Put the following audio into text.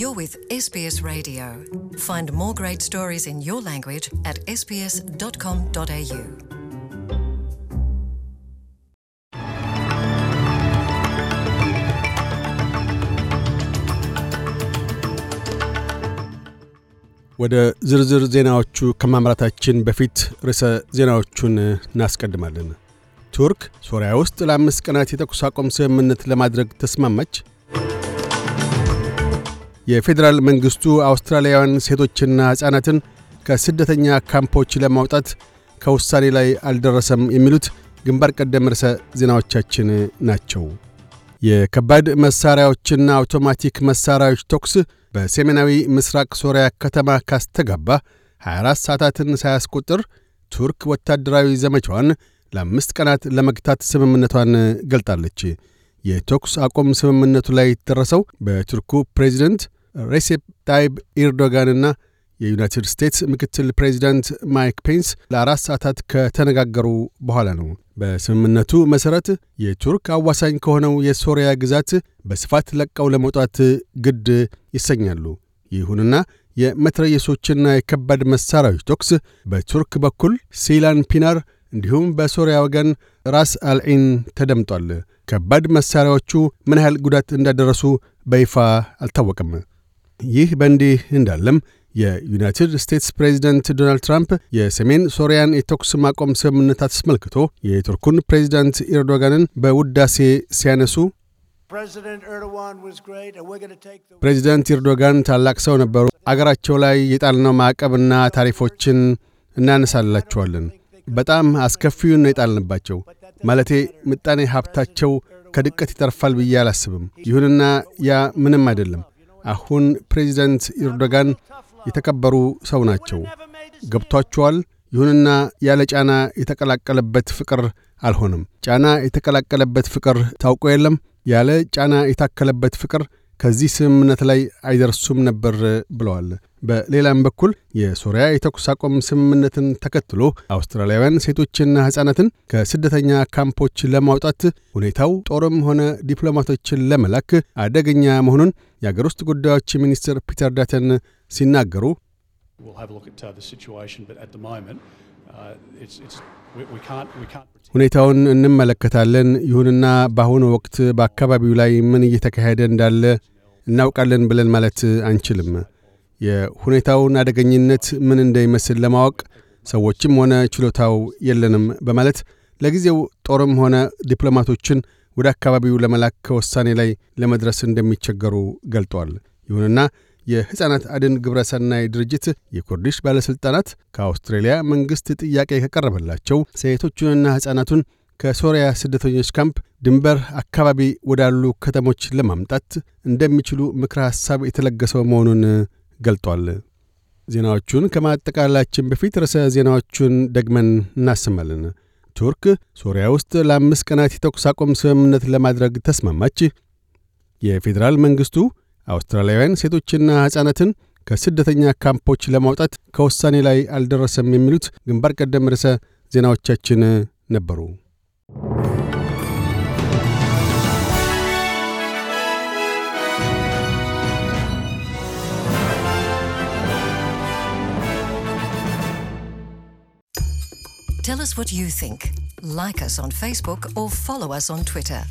You're with SBS Radio. Find more great stories in your language at sbs.com.au. ወደ ዝርዝር ዜናዎቹ ከማምራታችን በፊት ርዕሰ ዜናዎቹን እናስቀድማለን። ቱርክ ሶሪያ ውስጥ ለአምስት ቀናት የተኩስ አቆም ስምምነት ለማድረግ ተስማማች። የፌዴራል መንግሥቱ አውስትራሊያውያን ሴቶችና ሕፃናትን ከስደተኛ ካምፖች ለማውጣት ከውሳኔ ላይ አልደረሰም የሚሉት ግንባር ቀደም ርዕሰ ዜናዎቻችን ናቸው። የከባድ መሣሪያዎችና አውቶማቲክ መሣሪያዎች ተኩስ በሰሜናዊ ምስራቅ ሶሪያ ከተማ ካስተጋባ 24 ሰዓታትን ሳያስቆጥር ቱርክ ወታደራዊ ዘመቻዋን ለአምስት ቀናት ለመግታት ስምምነቷን ገልጣለች። የተኩስ አቁም ስምምነቱ ላይ የተደረሰው በቱርኩ ፕሬዚደንት ሬሴፕ ጣይብ ኤርዶጋንና የዩናይትድ ስቴትስ ምክትል ፕሬዚዳንት ማይክ ፔንስ ለአራት ሰዓታት ከተነጋገሩ በኋላ ነው። በስምምነቱ መሠረት የቱርክ አዋሳኝ ከሆነው የሶሪያ ግዛት በስፋት ለቀው ለመውጣት ግድ ይሰኛሉ። ይሁንና የመትረየሶችና የከባድ መሣሪያዎች ተኩስ በቱርክ በኩል ሲላን ፒናር እንዲሁም በሶሪያ ወገን ራስ አልዒን ተደምጧል። ከባድ መሣሪያዎቹ ምን ያህል ጉዳት እንዳደረሱ በይፋ አልታወቅም። ይህ በእንዲህ እንዳለም የዩናይትድ ስቴትስ ፕሬዚደንት ዶናልድ ትራምፕ የሰሜን ሶሪያን የተኩስ ማቆም ስምምነት አስመልክቶ የቱርኩን ፕሬዚዳንት ኤርዶጋንን በውዳሴ ሲያነሱ ፕሬዚደንት ኤርዶጋን ታላቅ ሰው ነበሩ፣ አገራቸው ላይ የጣልነው ማዕቀብና ታሪፎችን እናነሳላቸዋለን። በጣም አስከፊውን የጣልንባቸው ማለቴ ምጣኔ ሀብታቸው ከድቀት ይተርፋል ብዬ አላስብም። ይሁንና ያ ምንም አይደለም አሁን ፕሬዚደንት ኤርዶጋን የተከበሩ ሰው ናቸው፣ ገብቷቸዋል። ይሁንና ያለ ጫና የተቀላቀለበት ፍቅር አልሆነም። ጫና የተቀላቀለበት ፍቅር ታውቆ የለም። ያለ ጫና የታከለበት ፍቅር ከዚህ ስምምነት ላይ አይደርሱም ነበር ብለዋል። በሌላም በኩል የሶሪያ የተኩስ አቁም ስምምነትን ተከትሎ አውስትራሊያውያን ሴቶችና ሕፃናትን ከስደተኛ ካምፖች ለማውጣት ሁኔታው ጦርም ሆነ ዲፕሎማቶችን ለመላክ አደገኛ መሆኑን የአገር ውስጥ ጉዳዮች ሚኒስትር ፒተር ዳተን ሲናገሩ ሁኔታውን እንመለከታለን። ይሁንና በአሁኑ ወቅት በአካባቢው ላይ ምን እየተካሄደ እንዳለ እናውቃለን ብለን ማለት አንችልም። የሁኔታውን አደገኝነት ምን እንደሚመስል ለማወቅ ሰዎችም ሆነ ችሎታው የለንም በማለት ለጊዜው ጦርም ሆነ ዲፕሎማቶችን ወደ አካባቢው ለመላክ ከውሳኔ ላይ ለመድረስ እንደሚቸገሩ ገልጧል። ይሁንና የሕፃናት አድን ግብረ ሰናይ ድርጅት የኩርዲሽ ባለሥልጣናት ከአውስትሬልያ መንግሥት ጥያቄ ከቀረበላቸው ሴቶቹንና ሕፃናቱን ከሶሪያ ስደተኞች ካምፕ ድንበር አካባቢ ወዳሉ ከተሞች ለማምጣት እንደሚችሉ ምክረ ሐሳብ የተለገሰው መሆኑን ገልጧል። ዜናዎቹን ከማጠቃላችን በፊት ርዕሰ ዜናዎቹን ደግመን እናሰማለን። ቱርክ ሶሪያ ውስጥ ለአምስት ቀናት የተኩስ አቁም ስምምነት ለማድረግ ተስማማች። የፌዴራል መንግሥቱ አውስትራሊያውያን ሴቶችና ሕፃናትን ከስደተኛ ካምፖች ለማውጣት ከውሳኔ ላይ አልደረሰም። የሚሉት ግንባር ቀደም ርዕሰ ዜናዎቻችን ነበሩ። Tell us what you think. Like us on Facebook or follow us on Twitter.